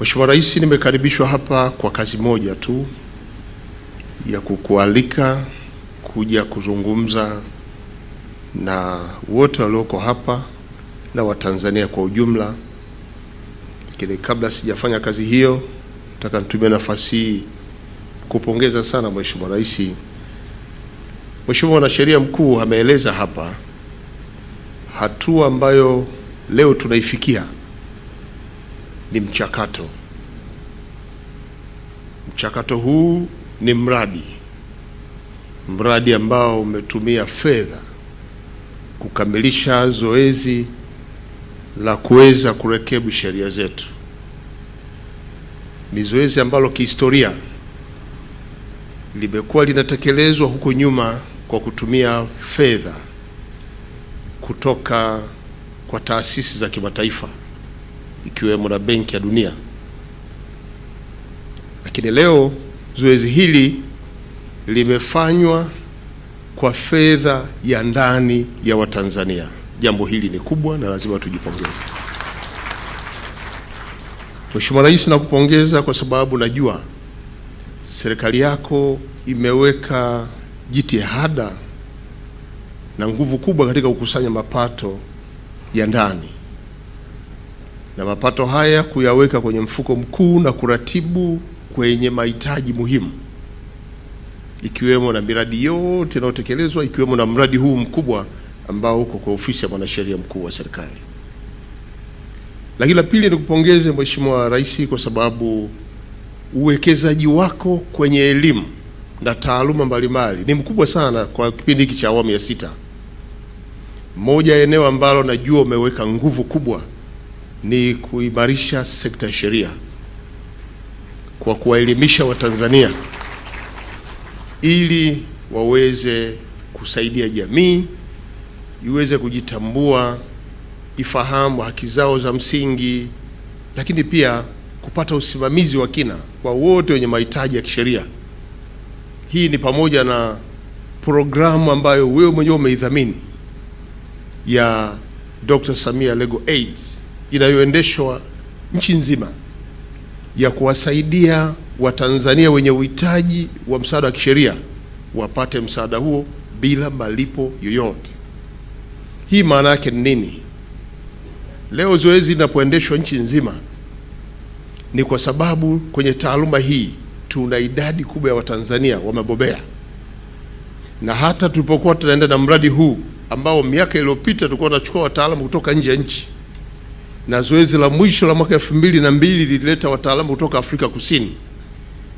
Mheshimiwa Rais, nimekaribishwa hapa kwa kazi moja tu ya kukualika kuja kuzungumza na wote walioko hapa na Watanzania kwa ujumla. Lakini kabla sijafanya kazi hiyo, nataka nitumie nafasi hii kupongeza sana Mheshimiwa Rais. Mheshimiwa Mwanasheria Mkuu ameeleza hapa hatua ambayo leo tunaifikia ni mchakato. Mchakato huu ni mradi, mradi ambao umetumia fedha kukamilisha zoezi la kuweza kurekebu sheria zetu. Ni zoezi ambalo kihistoria limekuwa linatekelezwa huko nyuma kwa kutumia fedha kutoka kwa taasisi za kimataifa ikiwemo na Benki ya Dunia. Lakini leo zoezi hili limefanywa kwa fedha ya ndani ya Watanzania. Jambo hili ni kubwa na lazima tujipongeze. Mheshimiwa Rais, nakupongeza kwa sababu najua serikali yako imeweka jitihada na nguvu kubwa katika kukusanya mapato ya ndani na mapato haya kuyaweka kwenye mfuko mkuu na kuratibu kwenye mahitaji muhimu ikiwemo na miradi yote inayotekelezwa ikiwemo na mradi huu mkubwa ambao uko kwa ofisi ya mwanasheria mkuu wa serikali. Lakini la pili, nikupongeze Mheshimiwa Rais kwa sababu uwekezaji wako kwenye elimu na taaluma mbalimbali ni mkubwa sana kwa kipindi hiki cha awamu ya sita. Moja eneo ambalo najua umeweka nguvu kubwa ni kuimarisha sekta ya sheria kwa kuwaelimisha Watanzania ili waweze kusaidia jamii iweze kujitambua, ifahamu haki zao za msingi, lakini pia kupata usimamizi wa kina kwa wote wenye mahitaji ya kisheria. Hii ni pamoja na programu ambayo wewe mwenyewe umeidhamini ya Dr. Samia Legal aids inayoendeshwa nchi nzima ya kuwasaidia Watanzania wenye uhitaji wa msaada wa kisheria wapate msaada huo bila malipo yoyote. Hii maana yake ni nini? Leo zoezi linapoendeshwa nchi nzima ni kwa sababu kwenye taaluma hii tuna idadi kubwa ya Watanzania wamebobea, na hata tulipokuwa tunaenda na mradi huu ambao miaka iliyopita tulikuwa tunachukua wataalamu kutoka nje ya nchi na zoezi la mwisho la mwaka elfu mbili na mbili lilileta wataalamu kutoka Afrika Kusini.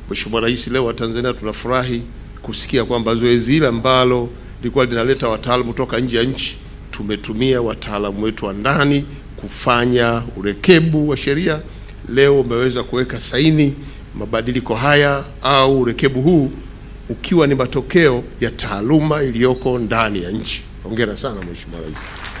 Mheshimiwa Rais, leo wa Tanzania tunafurahi kusikia kwamba zoezi hili ambalo lilikuwa linaleta wataalamu kutoka nje ya nchi, tumetumia wataalamu wetu wa ndani kufanya urekebu wa sheria. Leo umeweza kuweka saini mabadiliko haya au urekebu huu ukiwa ni matokeo ya taaluma iliyoko ndani ya nchi. Hongera sana Mheshimiwa Rais.